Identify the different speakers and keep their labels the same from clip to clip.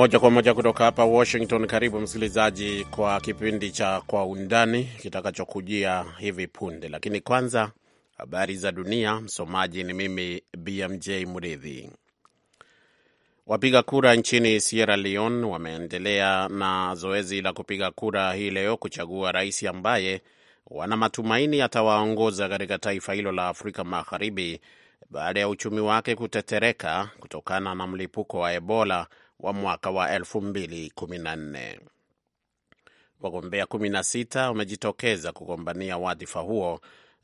Speaker 1: Moja kwa moja kutoka hapa Washington. Karibu msikilizaji kwa kipindi cha Kwa Undani kitakachokujia hivi punde, lakini kwanza habari za dunia. Msomaji ni mimi BMJ Mridhi. Wapiga kura nchini Sierra Leone wameendelea na zoezi la kupiga kura hii leo kuchagua rais ambaye wana matumaini atawaongoza katika taifa hilo la Afrika Magharibi baada ya uchumi wake kutetereka kutokana na mlipuko wa Ebola wa mwaka wa 2014. Wagombea 16 wamejitokeza kugombania wadhifa huo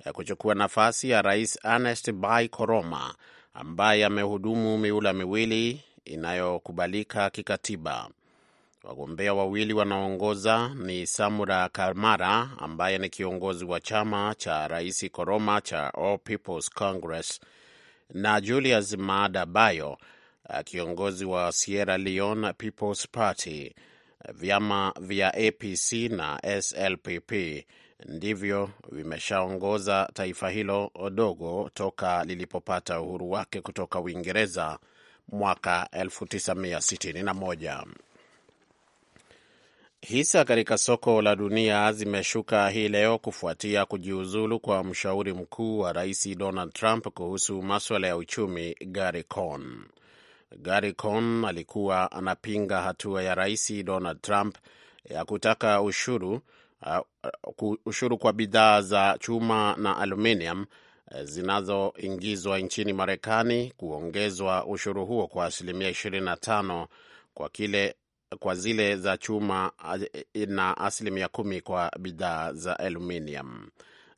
Speaker 1: eh, kuchukua nafasi ya Rais Ernest Bai Koroma ambaye amehudumu miula miwili inayokubalika kikatiba. Wagombea wawili wanaoongoza ni Samura Kamara ambaye ni kiongozi wa chama cha Rais Koroma cha All People's Congress na Julius Maada Bayo Uh, kiongozi wa Sierra Leone People's Party. Uh, vyama vya APC na SLPP ndivyo vimeshaongoza taifa hilo dogo toka lilipopata uhuru wake kutoka Uingereza mwaka 1961. Hisa katika soko la dunia zimeshuka hii leo kufuatia kujiuzulu kwa mshauri mkuu wa rais Donald Trump kuhusu maswala ya uchumi Gary Cohn. Gary Cohn alikuwa anapinga hatua ya Rais Donald Trump ya kutaka ushuru, uh, ushuru kwa bidhaa za chuma na aluminium e, zinazoingizwa nchini Marekani kuongezwa ushuru huo kwa asilimia 25 kwa kile kwa zile za chuma e, na asilimia kumi kwa bidhaa za aluminium.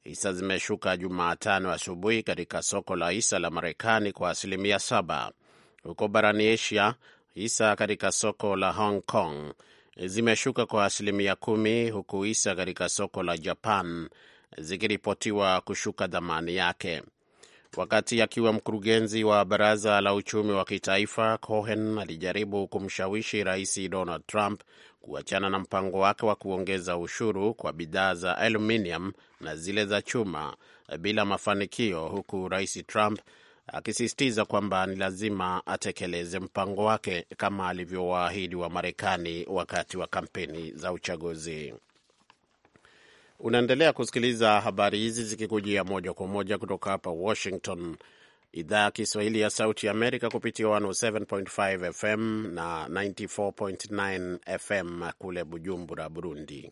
Speaker 1: Hisa zimeshuka Jumatano asubuhi katika soko la hisa la Marekani kwa asilimia saba huko barani Asia, hisa katika soko la Hong Kong zimeshuka kwa asilimia kumi huku hisa katika soko la Japan zikiripotiwa kushuka thamani yake. Wakati akiwa mkurugenzi wa baraza la uchumi wa kitaifa, Cohen alijaribu kumshawishi Rais Donald Trump kuachana na mpango wake wa kuongeza ushuru kwa bidhaa za aluminium na zile za chuma bila mafanikio, huku Rais Trump akisisitiza kwamba ni lazima atekeleze mpango wake kama alivyowaahidi wa Marekani wakati wa kampeni za uchaguzi. Unaendelea kusikiliza habari hizi zikikujia moja kwa moja kutoka hapa Washington, idhaa ya Kiswahili ya Sauti ya Amerika kupitia 107.5 FM na 94.9 FM kule Bujumbura, Burundi.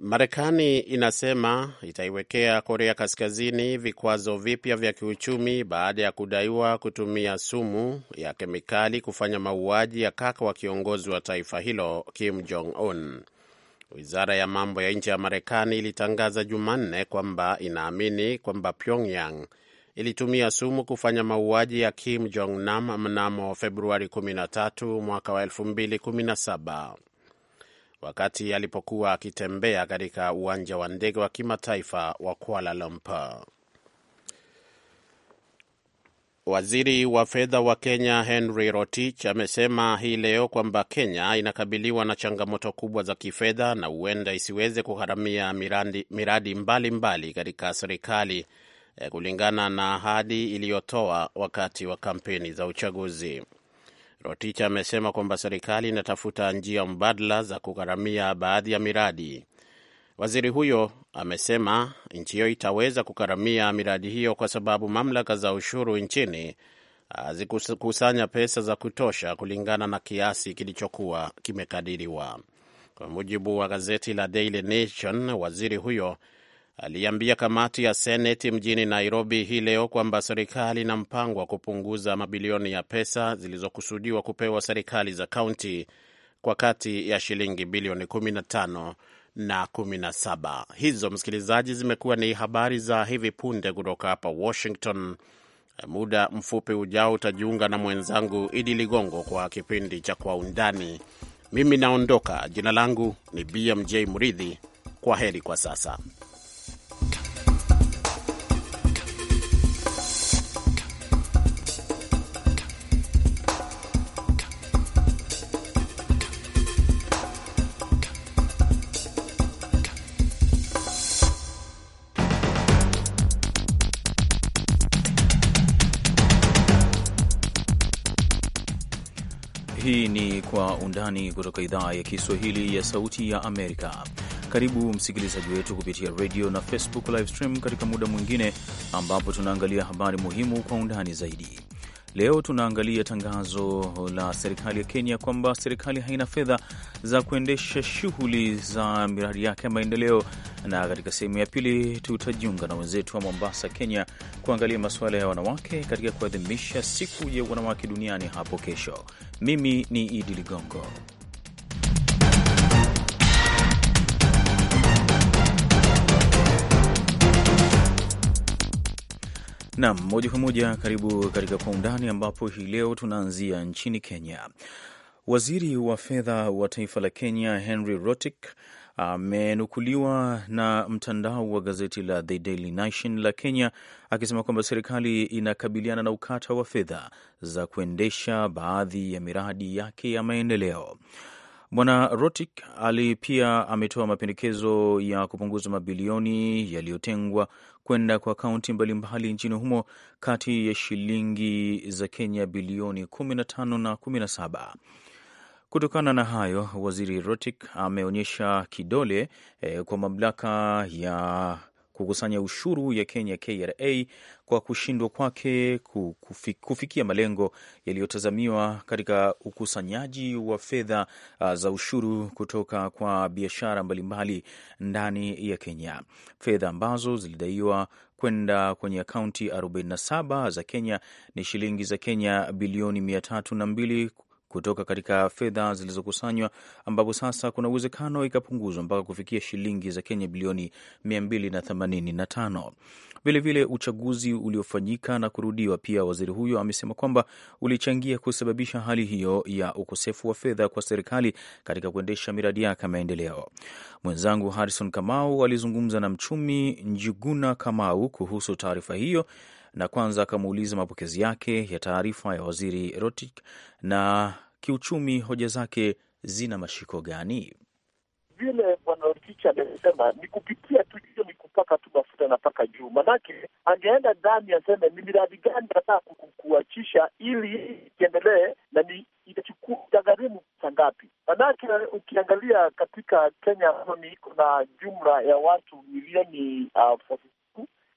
Speaker 1: Marekani inasema itaiwekea Korea Kaskazini vikwazo vipya vya kiuchumi baada ya kudaiwa kutumia sumu ya kemikali kufanya mauaji ya kaka wa kiongozi wa taifa hilo Kim Jong Un. Wizara ya mambo ya nje ya Marekani ilitangaza Jumanne kwamba inaamini kwamba Pyongyang ilitumia sumu kufanya mauaji ya Kim Jong Nam mnamo Februari 13 mwaka wa 2017 wakati alipokuwa akitembea katika uwanja wa ndege wa kimataifa wa Kuala Lumpur. Waziri wa fedha wa Kenya Henry Rotich amesema hii leo kwamba Kenya inakabiliwa na changamoto kubwa za kifedha na huenda isiweze kugharamia miradi mbalimbali katika serikali eh, kulingana na ahadi iliyotoa wakati wa kampeni za uchaguzi. Rotich amesema kwamba serikali inatafuta njia mbadala za kugharamia baadhi ya miradi. Waziri huyo amesema nchi hiyo itaweza kugharamia miradi hiyo kwa sababu mamlaka za ushuru nchini hazikusanya pesa za kutosha kulingana na kiasi kilichokuwa kimekadiriwa. Kwa mujibu wa gazeti la Daily Nation, waziri huyo aliambia kamati ya Seneti mjini Nairobi hii leo kwamba serikali ina mpango wa kupunguza mabilioni ya pesa zilizokusudiwa kupewa serikali za kaunti kwa kati ya shilingi bilioni 15 na 17. Hizo msikilizaji, zimekuwa ni habari za hivi punde kutoka hapa Washington. Muda mfupi ujao utajiunga na mwenzangu Idi Ligongo kwa kipindi cha Kwa Undani. Mimi naondoka. Jina langu ni BMJ Muridhi. Kwa heri kwa sasa.
Speaker 2: Undani kutoka idhaa ya Kiswahili ya Sauti ya Amerika. Karibu msikilizaji wetu kupitia radio na Facebook live stream katika muda mwingine ambapo tunaangalia habari muhimu kwa undani zaidi. Leo tunaangalia tangazo la serikali ya Kenya kwamba serikali haina fedha za kuendesha shughuli za miradi yake ya maendeleo na katika sehemu ya pili tutajiunga na wenzetu wa Mombasa, Kenya, kuangalia masuala ya wanawake katika kuadhimisha siku ya wanawake duniani hapo kesho. Mimi ni Idi Ligongo. Nam moja kwa moja, karibu katika Kwa Undani, ambapo hii leo tunaanzia nchini Kenya. Waziri wa fedha wa taifa la Kenya Henry Rotich amenukuliwa na mtandao wa gazeti la The Daily Nation la Kenya akisema kwamba serikali inakabiliana na ukata wa fedha za kuendesha baadhi ya miradi yake ya maendeleo. Bwana Rotik ali pia ametoa mapendekezo ya kupunguza mabilioni yaliyotengwa kwenda kwa kaunti mbalimbali nchini humo kati ya shilingi za Kenya bilioni 15 na 17. Kutokana na hayo, waziri rotic ameonyesha kidole e, kwa mamlaka ya kukusanya ushuru ya Kenya KRA kwa kushindwa kwake kufikia malengo yaliyotazamiwa katika ukusanyaji wa fedha ah, za ushuru kutoka kwa biashara mbalimbali ndani ya Kenya, fedha ambazo zilidaiwa kwenda kwenye akaunti 47 za Kenya ni shilingi za Kenya bilioni 302 kutoka katika fedha zilizokusanywa, ambapo sasa kuna uwezekano ikapunguzwa mpaka kufikia shilingi za Kenya bilioni 285. Vilevile uchaguzi uliofanyika na kurudiwa pia, waziri huyo amesema kwamba ulichangia kusababisha hali hiyo ya ukosefu wa fedha kwa serikali katika kuendesha miradi yake ya maendeleo. Mwenzangu Harrison Kamau alizungumza na mchumi Njuguna Kamau kuhusu taarifa hiyo na kwanza akamuuliza mapokezi yake ya taarifa ya waziri Rotich na kiuchumi, hoja zake zina mashiko gani?
Speaker 3: Vile bwana Rkicha amesema ni kupitia tu, ni kupaka tu mafuta na paka juu, manake angeenda ndani aseme ni miradi gani nataka kuachisha ili iendelee na ni itachukua itagharimu pesa ngapi? Manake ukiangalia katika Kenya ni iko na jumla ya watu milioni uh,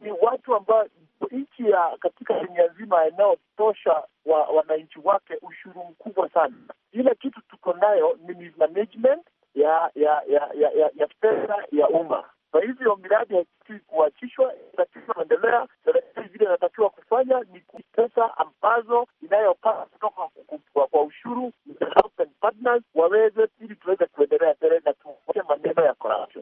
Speaker 3: ni watu ambao nchi ya katika dunia nzima inayotosha wa wananchi wake ushuru mkubwa sana. Ile kitu tuko nayo ni mismanagement ya ya ya ya, ya, ya pesa ya umma. Kwa hivyo miradi haiti kuachishwa, inatakiwa kuendelea. Serikali vile inatakiwa kufanya ni pesa ambazo inayopata kutoka kwa ushuru partners waweze ili tuweze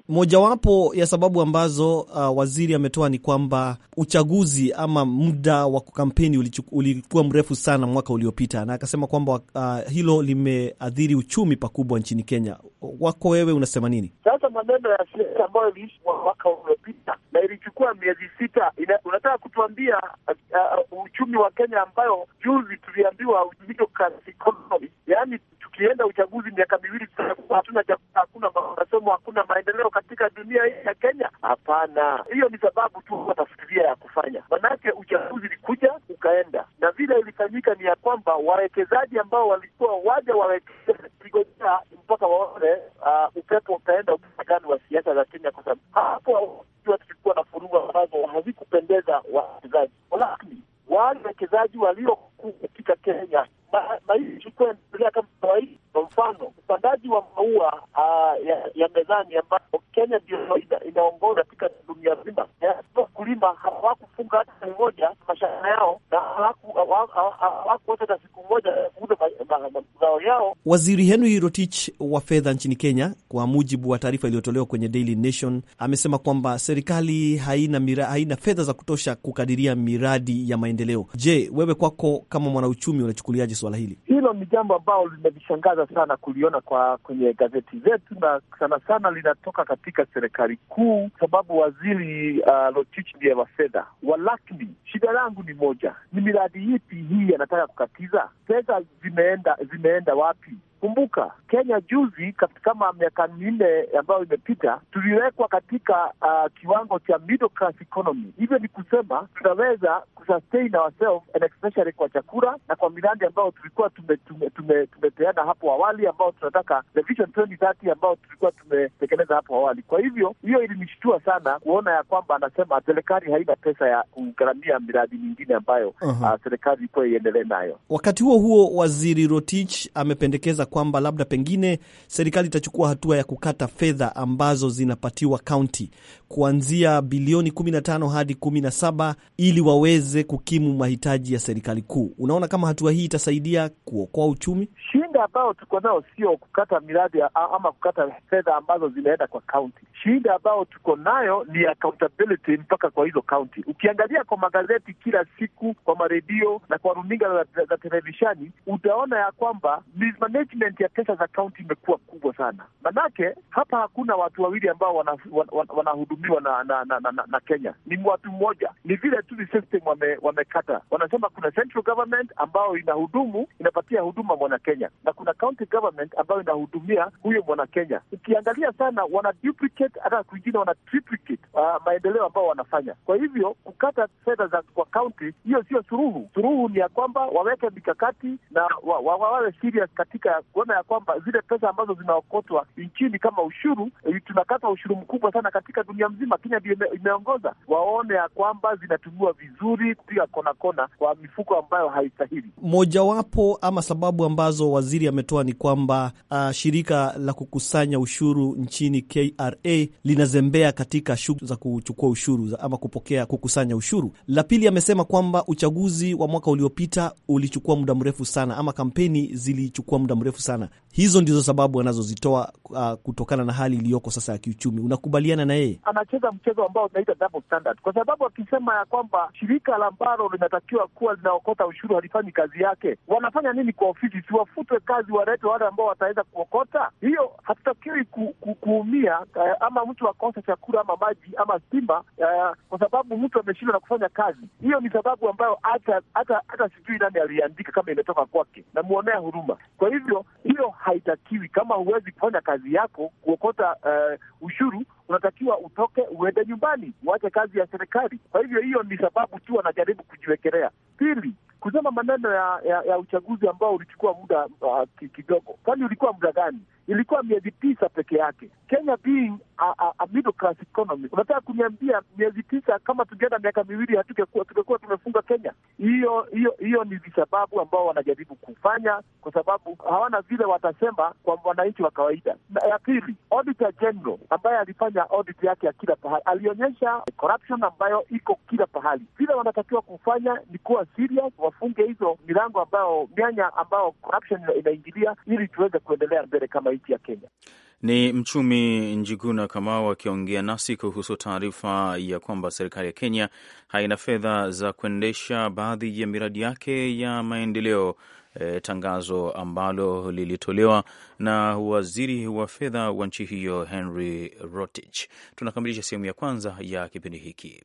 Speaker 4: mojawapo ya sababu ambazo uh, waziri ametoa ni kwamba uchaguzi ama muda wa kampeni ulikuwa mrefu sana mwaka uliopita, na akasema kwamba uh, hilo limeathiri uchumi pakubwa nchini Kenya. Wako wewe unasema nini? Sasa maneno ya siasa ambayo iliishi
Speaker 3: mwaka uliopita na ilichukua miezi sita, unataka kutuambia uh, uh, uchumi wa Kenya ambayo juzi tuliambiwa, yaani tukienda uchaguzi miaka miwili hatuna chakula, hakuna masomo, hakuna maendeleo katika dunia hii ya Kenya? Hapana, hiyo ni sababu tu watafikiria ya kufanya, manake uchaguzi ulikuja ukaenda, na vile ilifanyika ni ya kwamba wawekezaji ambao walikuwa waja wawekeza kigojea mpaka waone uh, upepo utaenda upande gani wa siasa za Kenya, kwa sababu hapo tulikuwa na furugu ambazo hazikupendeza wawekezaji, lakini wale wawekezaji waliokuwa katika Kenya maisha ma, endelea kama mfano upandaji wa maua uh, ya, ya mezani ambapo Kenya ndio ina, inaongoza katika dunia zima. Wakulima hawakufunga hata moja mashamba yao na hawakuota hata siku moja
Speaker 4: mazao yao. Waziri Henry Rotich wa fedha nchini Kenya, kwa mujibu wa taarifa iliyotolewa kwenye Daily Nation, amesema kwamba serikali haina mira, haina fedha za kutosha kukadiria miradi ya maendeleo. Je, wewe kwako kama mwanauchumi unachukuliaje swala hili?
Speaker 3: Hilo ni jambo ambalo limenishangaza sana kuliona kwa kwenye gazeti zetu na sana sana linatoka katika serikali kuu, sababu waziri uh, Rotich ndiye wa fedha. Walakini, shida yangu ni moja, ni miradi ipi hii yanataka kukatiza? Fedha zimeenda zimeenda sayar da wafi Kumbuka Kenya juzi, kama miaka minne ambayo imepita, tuliwekwa katika uh, kiwango cha middle class economy. Hivyo ni kusema tunaweza kusustain ourselves and especially kwa chakula na kwa miradi ambayo tulikuwa tumepeana tume, tume, tume hapo awali, ambao tunataka the vision 2030 ambao tulikuwa tumetekeleza hapo awali. Kwa hivyo hiyo ilinishtua sana kuona ya kwamba anasema serikali haina pesa ya kugharamia miradi mingine ambayo uh -huh. uh, ah, serikali ilikuwa iendelee nayo.
Speaker 4: Wakati huo huo, waziri Rotich amependekeza kwamba labda pengine serikali itachukua hatua ya kukata fedha ambazo zinapatiwa kaunti kuanzia bilioni 15 hadi 17 ili waweze kukimu mahitaji ya serikali kuu. Unaona kama hatua hii itasaidia kuokoa uchumi?
Speaker 3: Shida ambayo tuko nao sio kukata miradi ama kukata fedha ambazo zinaenda kwa kaunti. Shida ambayo tuko nayo ni accountability mpaka kwa hizo kaunti. Ukiangalia kwa magazeti kila siku, kwa maredio na kwa runinga za televisheni, utaona ya kwamba commitment ya pesa za kaunti imekuwa kubwa sana, manake hapa hakuna watu wawili ambao wanahudumiwa wana, wana na, na, na, na, na Kenya ni watu mmoja. Ni vile tu system wame, wamekata. Wanasema kuna central government ambayo inahudumu inapatia huduma mwana Kenya na kuna county government ambayo inahudumia huyo mwana Kenya. Ukiangalia sana wana duplicate, hata kwingine wana triplicate uh, maendeleo ambayo wanafanya. Kwa hivyo kukata fedha za kwa kaunti hiyo sio suruhu. Suruhu ni ya kwamba waweke mikakati na wawawe wa, wa, wa serious katika kuona ya kwamba zile pesa ambazo zinaokotwa nchini kama ushuru, eh, tunakata ushuru mkubwa sana katika dunia mzima. Kenya ndio imeongoza, waone ya kwamba zinatumiwa vizuri kupiga kona kona kwa mifuko ambayo haistahili.
Speaker 4: Mojawapo ama sababu ambazo waziri ametoa ni kwamba uh, shirika la kukusanya ushuru nchini KRA linazembea katika shughuli za kuchukua ushuru za, ama kupokea kukusanya ushuru. La pili amesema kwamba uchaguzi wa mwaka uliopita ulichukua muda mrefu sana, ama kampeni zilichukua muda mrefu mrefu sana. Hizo ndizo sababu anazozitoa uh, kutokana na hali iliyoko sasa ya kiuchumi. Unakubaliana na yeye?
Speaker 3: Anacheza mchezo ambao unaita double standard, kwa sababu akisema ya kwamba shirika la ambalo linatakiwa kuwa linaokota ushuru halifanyi kazi yake, wanafanya nini kwa ofisi? Siwafutwe kazi, waletwe wale ambao wataweza kuokota. Hiyo hatutakiwi ku, ku, kuumia uh, ama mtu akosa chakula ama maji ama stima uh, eh, kwa sababu mtu ameshindwa na kufanya kazi. Hiyo ni sababu ambayo hata hata sijui nani aliandika kama imetoka kwake, namwonea huruma. Kwa hivyo hiyo haitakiwi. Kama huwezi kufanya kazi yako kuokota uh, ushuru, unatakiwa utoke uende nyumbani, uache kazi ya serikali. Kwa hivyo hiyo ni sababu tu anajaribu kujiwekelea. Pili, kusema maneno ya, ya, ya uchaguzi ambao ulichukua muda uh, kidogo, kwani ulikuwa muda gani? ilikuwa miezi tisa peke yake. Kenya being a, a, a middle class economy, unataka kuniambia miezi tisa, kama tungeenda miaka miwili hatungekuwa tungekuwa tumefunga Kenya? Hiyo hiyo hiyo ni visababu ambao wanajaribu kufanya, kwa sababu hawana vile watasema kwa wananchi wa kawaida. Na ya pili, auditor general ambaye alifanya audit yake ya kila pahali alionyesha corruption ambayo iko kila pahali. Vile wanatakiwa kufanya ni kuwa serious, wafunge hizo milango ambayo mianya ambayo corruption inaingilia, ili tuweze kuendelea mbele kama pipe ya Kenya.
Speaker 2: Ni mchumi Njiguna Kamau akiongea nasi kuhusu taarifa ya kwamba serikali ya Kenya haina fedha za kuendesha baadhi ya miradi yake ya maendeleo. E, tangazo ambalo lilitolewa na waziri wa fedha wa nchi hiyo Henry Rotich. Tunakamilisha sehemu ya kwanza ya kipindi hiki.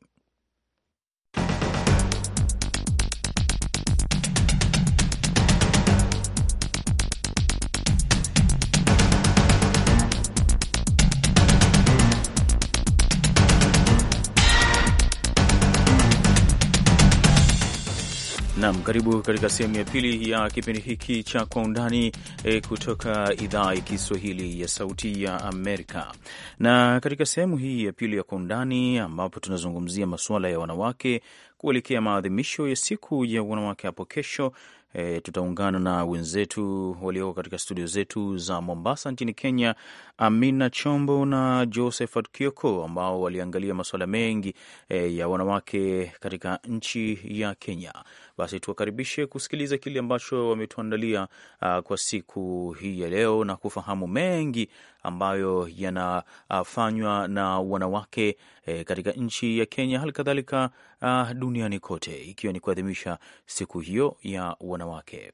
Speaker 2: Nam, karibu katika sehemu ya pili ya kipindi hiki cha Kwa Undani e, kutoka idhaa ya Kiswahili ya Sauti ya Amerika. Na katika sehemu hii ya pili ya Kwa Undani, ambapo tunazungumzia masuala ya wanawake kuelekea maadhimisho ya siku ya wanawake hapo kesho. E, tutaungana na wenzetu walioko katika studio zetu za Mombasa nchini Kenya, Amina Chombo na Josephat Kioko ambao waliangalia masuala mengi e, ya wanawake katika nchi ya Kenya. Basi tuwakaribishe kusikiliza kile ambacho wametuandalia kwa siku hii ya leo na kufahamu mengi ambayo yanafanywa na wanawake e, katika nchi ya Kenya, hali kadhalika ah, duniani kote, ikiwa ni kuadhimisha siku hiyo ya wanawake.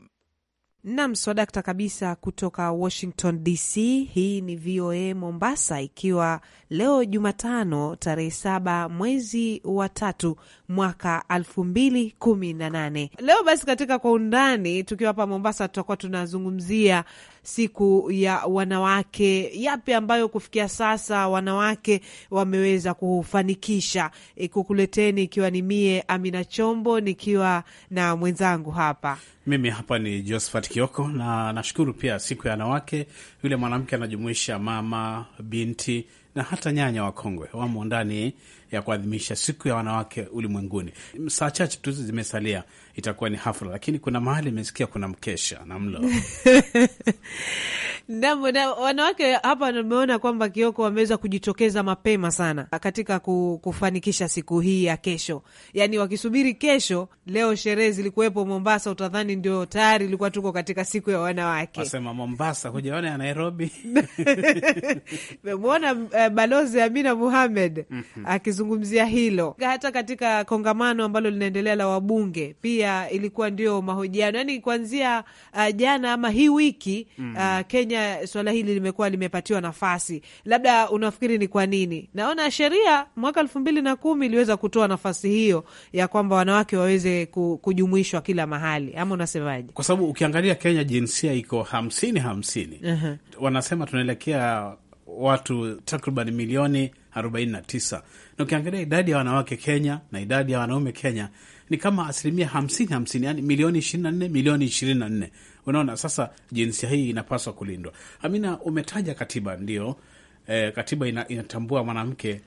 Speaker 5: Nam swadakta kabisa kutoka Washington DC. Hii ni VOA Mombasa, ikiwa leo Jumatano tarehe saba mwezi wa tatu mwaka elfu mbili kumi na nane. Leo basi katika kwa undani, tukiwa hapa Mombasa, tutakuwa tunazungumzia siku ya wanawake, yapi ambayo kufikia sasa wanawake wameweza kufanikisha. E, kukuleteni ikiwa ni mie Amina Chombo nikiwa na mwenzangu hapa
Speaker 6: mimi hapa ni Josephat Kioko, na nashukuru pia siku ya wanawake. Yule mwanamke anajumuisha mama, binti na hata nyanya wakongwe wamo ndani ya kuadhimisha siku ya wanawake ulimwenguni. Saa chache tu zimesalia itakuwa ni hafla, lakini kuna mahali imesikia kuna mkesha na mlo
Speaker 5: nam na, wanawake hapa nimeona kwamba Kioko wameweza kujitokeza mapema sana katika kufanikisha siku hii ya kesho, yaani wakisubiri kesho. Leo sherehe zilikuwepo Mombasa, utadhani ndio tayari ilikuwa tuko katika siku ya wanawake.
Speaker 6: Wasema Mombasa hujaona ya Nairobi
Speaker 5: memwona. Uh, eh, Balozi Amina Muhamed mm -hmm amezungumzia hilo. Hata katika kongamano ambalo linaendelea la wabunge pia ilikuwa ndio mahojiano, yaani kuanzia uh, jana ama hii wiki mm. uh, Kenya swala hili limekuwa limepatiwa nafasi. Labda unafikiri ni kwa nini? Naona sheria mwaka elfu mbili na kumi iliweza kutoa nafasi hiyo ya kwamba wanawake waweze kujumuishwa kila mahali, ama unasemaje? Kwa sababu ukiangalia
Speaker 6: Kenya jinsia iko hamsini hamsini. uh -huh. Wanasema tunaelekea watu takriban milioni 49. Na ukiangalia idadi ya wanawake Kenya na idadi ya wanaume Kenya ni kama asilimia 50 50, yani milioni 24 milioni 24. Unaona sasa jinsia hii inapaswa kulindwa. Amina, umetaja katiba ndio. E, katiba ina, inatambua mwanamke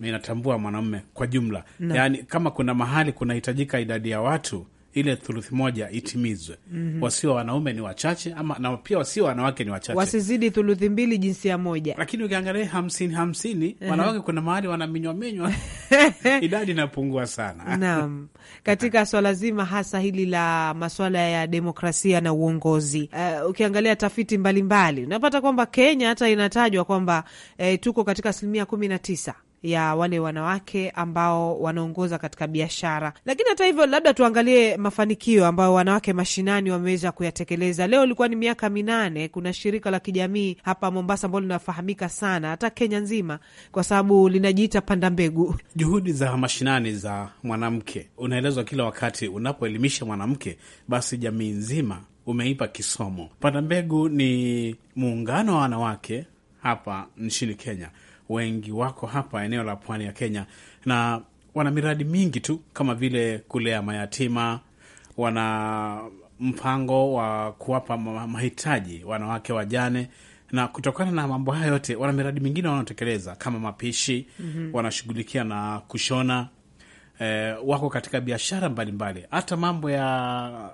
Speaker 6: inatambua mwanamume kwa jumla no. Yani kama kuna mahali kunahitajika idadi ya watu ile thuluthi moja itimizwe. mm -hmm. Wasio wanaume ni wachache ama, na pia wasio wanawake ni wachache, wasizidi thuluthi mbili jinsia moja. Lakini ukiangalia hamsini hamsini, uh -huh. wanawake kuna mahali wanaminywaminywa idadi inapungua sana.
Speaker 5: Naam, katika swala zima hasa hili la maswala ya demokrasia na uongozi, uh, ukiangalia tafiti mbalimbali unapata kwamba Kenya hata inatajwa kwamba eh, tuko katika asilimia kumi na tisa ya wale wanawake ambao wanaongoza katika biashara. Lakini hata hivyo, labda tuangalie mafanikio ambayo wanawake mashinani wameweza kuyatekeleza. Leo ilikuwa ni miaka minane. Kuna shirika la kijamii hapa Mombasa ambalo linafahamika sana hata Kenya nzima kwa sababu linajiita Panda Mbegu.
Speaker 6: Juhudi za mashinani za mwanamke unaelezwa kila wakati, unapoelimisha mwanamke basi jamii nzima umeipa kisomo. Panda Mbegu ni muungano wa wanawake hapa nchini Kenya wengi wako hapa eneo la pwani ya Kenya, na wana miradi mingi tu kama vile kulea mayatima, wana mpango wa kuwapa mahitaji wanawake wajane na kutokana na mambo haya yote, wana miradi mingine wanaotekeleza kama mapishi mm -hmm. wanashughulikia na kushona eh, wako katika biashara mbalimbali, hata mambo ya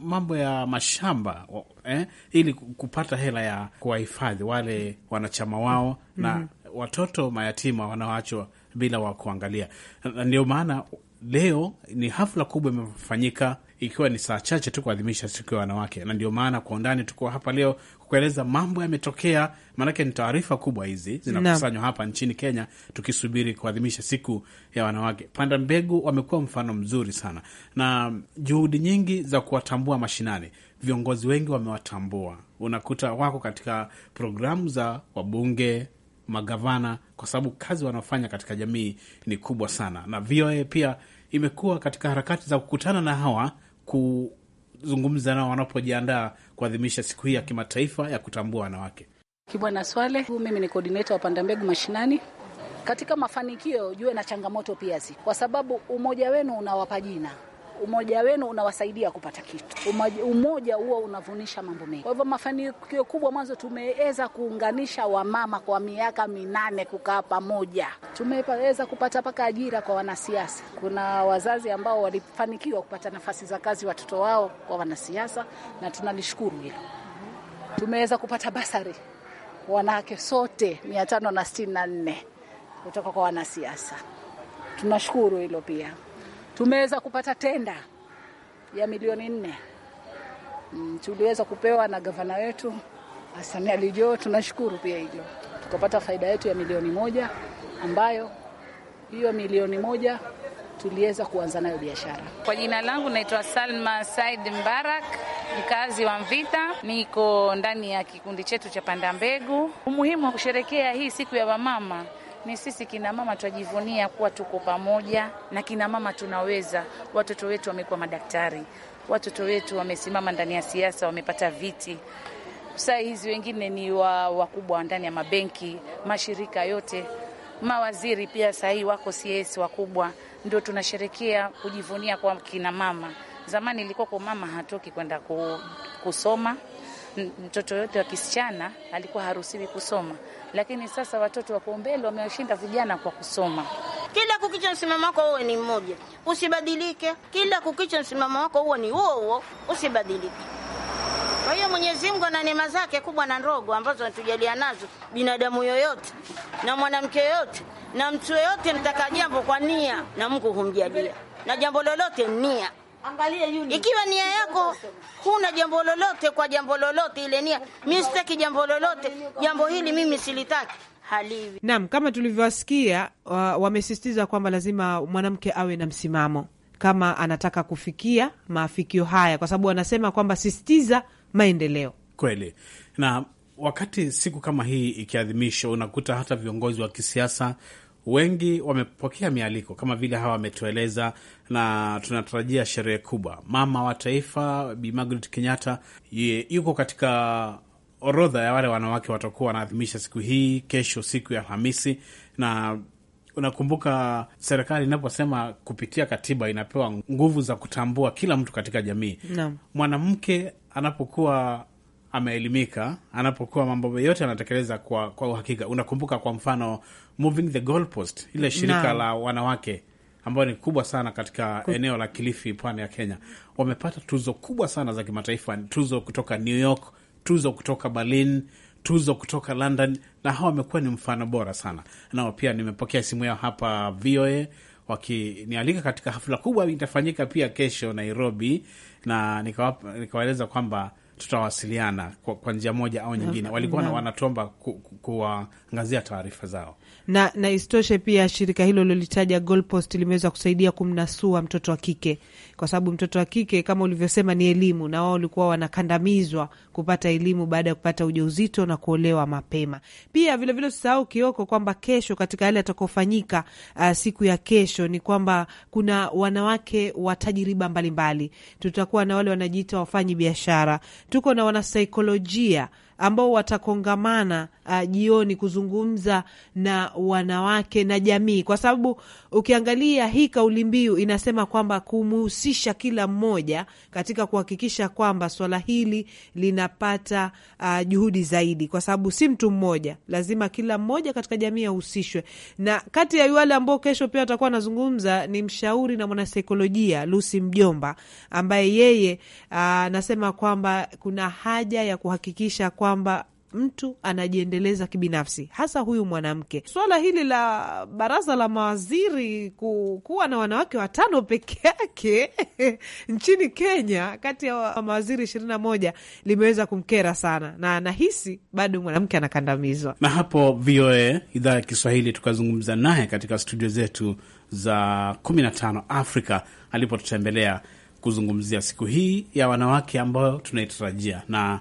Speaker 6: mambo ya mashamba eh, ili kupata hela ya kuwahifadhi wale wanachama wao mm -hmm. na mhm watoto mayatima wanaoachwa bila wa kuangalia. Ndio maana leo ni hafla kubwa imefanyika ikiwa ni saa chache tu kuadhimisha siku ya wanawake, na ndio maana kwa undani tuko hapa leo kueleza mambo yametokea, maanake ni taarifa kubwa hizi zinakusanywa hapa nchini Kenya tukisubiri kuadhimisha siku ya wanawake. Panda Mbegu wamekuwa mfano mzuri sana, na juhudi nyingi za kuwatambua mashinani. Viongozi wengi wamewatambua, unakuta wako katika programu za wabunge magavana, kwa sababu kazi wanaofanya katika jamii ni kubwa sana, na VOA pia imekuwa katika harakati za kukutana na hawa kuzungumza nao wanapojiandaa kuadhimisha siku hii ya kimataifa ya kutambua wanawake.
Speaker 7: Kibwana Swale, mimi ni kodineta wa panda mbegu mashinani. Katika mafanikio jue na changamoto pia, zi, kwa sababu umoja wenu unawapa jina umoja wenu unawasaidia kupata kitu. Umoja, umoja huo unavunisha mambo mengi. Kwa hivyo mafanikio kubwa, mwanzo tumeweza kuunganisha wamama kwa miaka minane kukaa pamoja, tumeweza kupata mpaka ajira kwa wanasiasa. Kuna wazazi ambao walifanikiwa kupata nafasi za kazi watoto wao kwa wanasiasa, na tunalishukuru hilo. Tumeweza kupata basari wanawake sote mia tano na sitini na nne kutoka kwa wanasiasa, tunashukuru hilo pia. Tumeweza kupata tenda ya milioni nne mm, tuliweza kupewa na gavana wetu Hassan Ali Joho, tunashukuru pia hilo. Tukapata faida yetu ya milioni moja ambayo hiyo milioni moja tuliweza kuanza nayo biashara. Kwa jina langu naitwa Salma Said Mbarak, mkazi wa Mvita, niko ndani ya kikundi chetu cha Panda Mbegu. Umuhimu wa kusherekea hii siku ya wamama ni sisi kinamama twajivunia kuwa tuko pamoja na kinamama tunaweza. Watoto wetu wamekuwa madaktari, watoto wetu wamesimama ndani ya siasa, wamepata viti saa hizi, wengine ni wa wakubwa ndani ya mabenki, mashirika yote, mawaziri pia saa hii wako CS wakubwa. Ndio tunasherekea kujivunia kwa kinamama. Zamani ilikuwa kwa mama hatoki kwenda kusoma, mtoto yote wa kisichana alikuwa haruhusiwi kusoma lakini sasa watoto wako mbele, wamewashinda vijana kwa kusoma. Kila kukicha msimamo wako uwe ni mmoja, usibadilike. Kila kukicha msimamo wako uwe ni huo huo, usibadilike. Kwa hiyo Mwenyezi Mungu ana neema zake kubwa na ndogo ambazo anatujalia nazo binadamu yoyote na mwanamke yoyote na mtu yoyote, nataka jambo kwa nia, na Mungu humjalia na jambo lolote nia. Ikiwa nia yako huna jambo lolote kwa jambo lolote, ile nia mimi sitaki jambo lolote, jambo hili mimi silitaki. Halivi
Speaker 5: Naam, kama tulivyowasikia wamesisitiza kwamba lazima mwanamke awe na msimamo kama anataka kufikia maafikio haya, kwa sababu wanasema kwamba sisitiza maendeleo
Speaker 6: kweli. Na wakati siku kama hii ikiadhimishwa, unakuta hata viongozi wa kisiasa wengi wamepokea mialiko kama vile hawa wametueleza, na tunatarajia sherehe kubwa. Mama wa taifa Bi Margaret Kenyatta yuko katika orodha ya wale wanawake watakuwa wanaadhimisha siku hii kesho, siku ya Alhamisi. Na unakumbuka serikali inaposema kupitia katiba inapewa nguvu za kutambua kila mtu katika jamii no. mwanamke anapokuwa ameelimika anapokuwa mambo yote anatekeleza kwa, kwa uhakika. Unakumbuka kwa mfano Moving the Goalpost, ile shirika na la wanawake ambayo ni kubwa sana katika Kut eneo la Kilifi, pwani ya Kenya, wamepata tuzo kubwa sana za kimataifa, tuzo kutoka New York, tuzo kutoka Berlin, tuzo kutoka London, na hawa wamekuwa ni mfano bora sana. Nao pia nimepokea simu yao hapa VOA wakinialika katika hafla kubwa itafanyika pia kesho Nairobi, na nikawaeleza kwamba tutawasiliana kwa, kwa njia moja au nyingine. Walikuwa na wanatuomba ku, ku, taarifa zao
Speaker 5: na, na isitoshe pia shirika hilo lilolitaja Goalpost limeweza kusaidia kumnasua mtoto wa kike, kwa sababu mtoto wa kike kama ulivyosema ni elimu, na wao walikuwa wanakandamizwa kupata elimu baada ya kupata ujauzito na kuolewa mapema. Pia vilevile usisahau Kioko kwamba kesho katika yale atakaofanyika uh, siku ya kesho ni kwamba kuna wanawake wa tajiriba mbalimbali, tutakuwa na wale wanajiita wafanyi biashara tuko na wanasaikolojia ambao watakongamana uh, jioni kuzungumza na wanawake na jamii, kwa sababu ukiangalia hii kauli mbiu inasema kwamba kumhusisha kila mmoja katika kuhakikisha kwamba swala hili linapata uh, juhudi zaidi, kwa sababu si mtu mmoja, lazima kila mmoja katika jamii ahusishwe. Na kati ya wale ambao kesho pia watakuwa wanazungumza ni mshauri na mwanasaikolojia Lucy Mjomba ambaye yeye uh, anasema uh, kwamba kuna haja ya kuhakikisha kwamba kwamba mtu anajiendeleza kibinafsi, hasa huyu mwanamke. Swala hili la baraza la mawaziri kuwa na wanawake watano peke yake nchini Kenya kati ya mawaziri ishirini na moja limeweza kumkera sana, na anahisi bado mwanamke anakandamizwa.
Speaker 6: Na hapo VOA idhaa ya Kiswahili tukazungumza naye katika studio zetu za 15 Afrika alipotutembelea kuzungumzia siku hii ya wanawake ambayo tunaitarajia na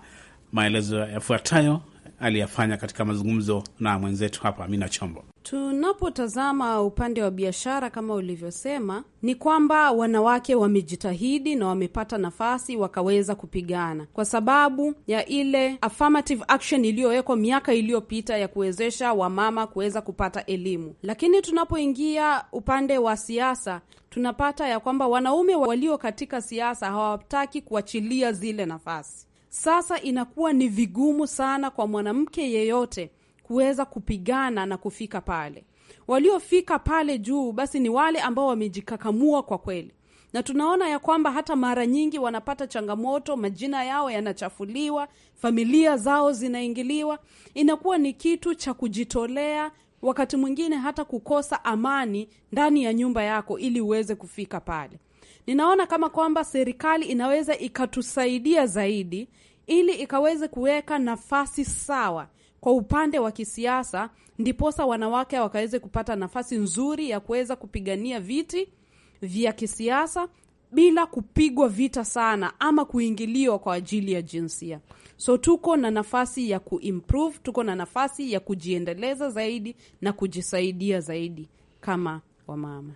Speaker 6: Maelezo yafuatayo aliyafanya katika mazungumzo na mwenzetu hapa Amina Chombo.
Speaker 8: Tunapotazama upande wa biashara kama ulivyosema, ni kwamba wanawake wamejitahidi na wamepata nafasi wakaweza kupigana kwa sababu ya ile affirmative action iliyowekwa miaka iliyopita ya kuwezesha wamama kuweza kupata elimu. Lakini tunapoingia upande wa siasa, tunapata ya kwamba wanaume walio katika siasa hawataki kuachilia zile nafasi sasa inakuwa ni vigumu sana kwa mwanamke yeyote kuweza kupigana na kufika pale. Waliofika pale juu basi ni wale ambao wamejikakamua kwa kweli, na tunaona ya kwamba hata mara nyingi wanapata changamoto, majina yao yanachafuliwa, familia zao zinaingiliwa. Inakuwa ni kitu cha kujitolea, wakati mwingine hata kukosa amani ndani ya nyumba yako ili uweze kufika pale ninaona kama kwamba serikali inaweza ikatusaidia zaidi ili ikaweze kuweka nafasi sawa kwa upande wa kisiasa, ndiposa wanawake wakaweze kupata nafasi nzuri ya kuweza kupigania viti vya kisiasa bila kupigwa vita sana ama kuingiliwa kwa ajili ya jinsia. So tuko na nafasi ya kuimprove, tuko na nafasi ya kujiendeleza zaidi na kujisaidia zaidi kama wamama.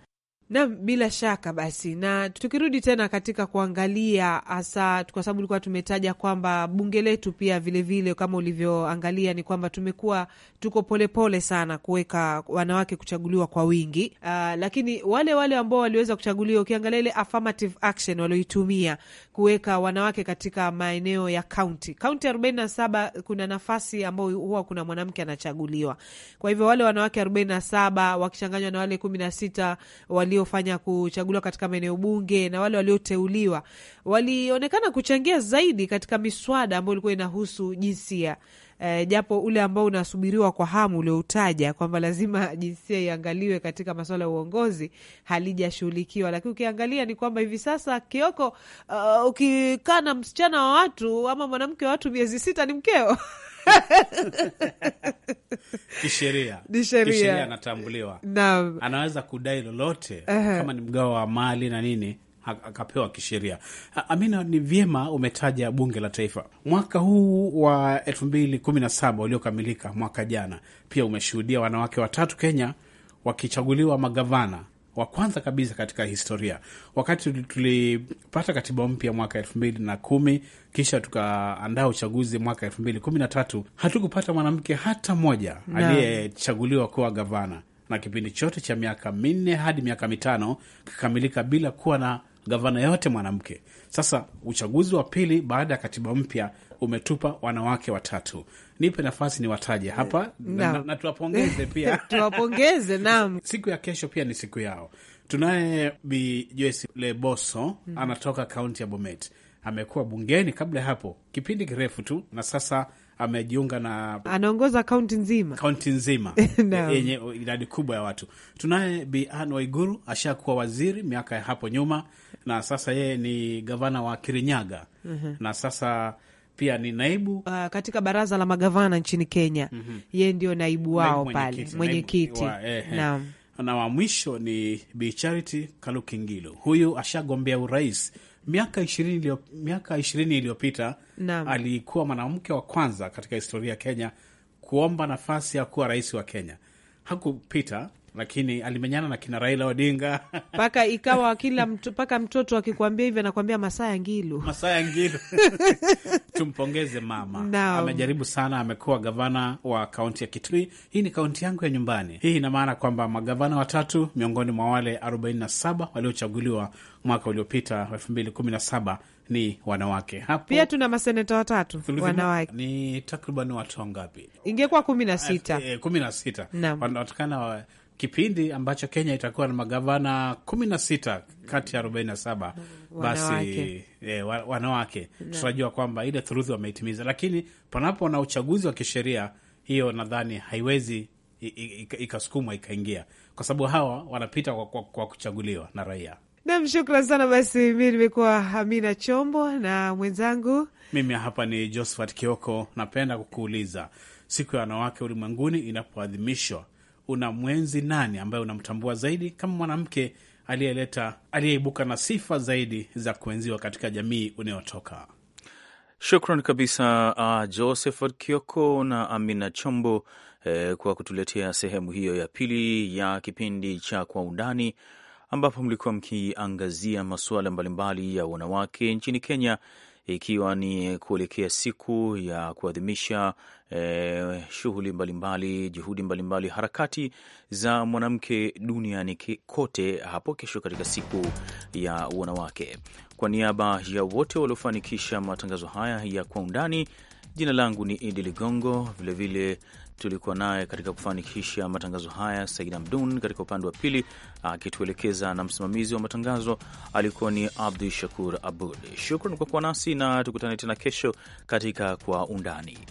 Speaker 5: Nam, bila shaka basi. Na tukirudi tena katika kuangalia hasa, kwa sababu ulikuwa tumetaja kwamba bunge letu pia vilevile vile, kama ulivyoangalia ni kwamba tumekuwa tuko polepole pole sana kuweka wanawake kuchaguliwa kwa wingi. Uh, lakini wale wale ambao waliweza kuchaguliwa, ukiangalia ile affirmative action walioitumia, kuweka wanawake katika maeneo ya kaunti. Kaunti arobaini na saba kuna nafasi ambayo huwa kuna mwanamke anachaguliwa. Kwa hivyo wale wanawake arobaini na saba wakichanganywa na wale kumi na sita waliofanya kuchaguliwa katika maeneo bunge na wale walioteuliwa walionekana kuchangia zaidi katika miswada ambayo ilikuwa inahusu jinsia eh, japo ule ambao unasubiriwa kwa hamu ulioutaja kwamba lazima jinsia iangaliwe katika masuala ya uongozi halijashughulikiwa, lakini ukiangalia ni kwamba hivi sasa Kioko, uh, ukikaa na msichana wa watu ama mwanamke wa watu miezi sita ni mkeo.
Speaker 6: Kisheria anatambuliwa, anaweza kudai lolote uh -huh. kama ni mgao wa mali na nini akapewa kisheria. Amina, ni vyema umetaja bunge la taifa. Mwaka huu wa elfu mbili kumi na saba uliokamilika mwaka jana, pia umeshuhudia wanawake watatu Kenya wakichaguliwa magavana wa kwanza kabisa katika historia. Wakati tulipata katiba mpya mwaka elfu mbili na kumi kisha tukaandaa uchaguzi mwaka elfu mbili kumi na tatu hatukupata mwanamke hata mmoja aliyechaguliwa kuwa gavana, na kipindi chote cha miaka minne hadi miaka mitano kikamilika bila kuwa na gavana yote mwanamke. Sasa uchaguzi wa pili baada ya katiba mpya umetupa wanawake watatu. Nipe nafasi ni wataje hapa na, na, na tuwapongeze pia tuwapongeze. Naam, siku ya kesho pia ni siku yao. Tunaye Bi Joyce Leboso mm, anatoka kaunti ya Bomet. Amekuwa bungeni kabla ya hapo kipindi kirefu tu, na sasa amejiunga na anaongoza kaunti nzima, kaunti nzima yenye idadi kubwa ya watu. Tunaye Bi Ann Waiguru, ashakuwa waziri miaka ya hapo nyuma na sasa yeye ni gavana wa Kirinyaga mm -hmm. na sasa pia ni naibu
Speaker 5: uh, katika baraza la magavana nchini Kenya mm -hmm. yeye ndio naibu wao pale mwenyekiti
Speaker 6: na wa mwisho ni Bi Charity Kalukingilo. Huyu ashagombea urais miaka ishirini ilio, miaka ishirini iliyopita. Alikuwa mwanamke wa kwanza katika historia ya Kenya kuomba nafasi ya kuwa rais wa Kenya, hakupita lakini alimenyana na kina Raila Odinga
Speaker 5: mpaka ikawa kila mpaka mtoto akikwambia hivyo anakwambia masaa ya Ngilu, masaa ya Ngilu.
Speaker 6: Tumpongeze mama no. Amejaribu sana, amekuwa gavana wa kaunti ya Kitui. Hii ni kaunti yangu ya nyumbani. Hii ina maana kwamba magavana watatu miongoni mwa wale 47 waliochaguliwa mwaka uliopita 2017 ni wanawake. Hapo
Speaker 5: pia tuna maseneta watatu wanawake. Ni
Speaker 6: takriban watu wangapi? Ingekuwa kumi na sita. Eh, eh, kumi na sita wanatokana kipindi ambacho Kenya itakuwa na magavana kumi na sita kati ya arobaini na saba basi e, wanawake tutajua kwamba ile thuruthi wameitimiza, lakini panapo na uchaguzi wa kisheria, hiyo nadhani haiwezi ikasukumwa ikaingia, kwa sababu hawa wanapita kwa, kwa, kwa kuchaguliwa na raia.
Speaker 5: Nam, shukran sana. Basi mi nimekuwa Amina Chombo na mwenzangu
Speaker 6: mimi hapa ni Josephat Kioko. Napenda kukuuliza siku ya wanawake ulimwenguni inapoadhimishwa una mwenzi nani ambaye unamtambua zaidi kama mwanamke aliyeleta aliyeibuka na sifa zaidi za kuenziwa katika jamii unayotoka? Shukran
Speaker 2: kabisa uh, Josephat Kioko na Amina Chombo eh, kwa kutuletea sehemu hiyo ya pili ya kipindi cha Kwa Undani, ambapo mlikuwa mkiangazia masuala mbalimbali ya wanawake nchini Kenya ikiwa ni kuelekea siku ya kuadhimisha eh, shughuli mbalimbali, juhudi mbalimbali, harakati za mwanamke duniani kote hapo kesho katika siku ya wanawake. Kwa niaba ya wote waliofanikisha matangazo haya ya kwa undani, jina langu ni Idi Ligongo, vilevile tulikuwa naye katika kufanikisha matangazo haya Said Amdun katika upande wa pili akituelekeza, na msimamizi wa matangazo alikuwa ni Abdu Shakur Abud. Shukran kwa kuwa nasi na tukutane tena kesho katika Kwa Undani.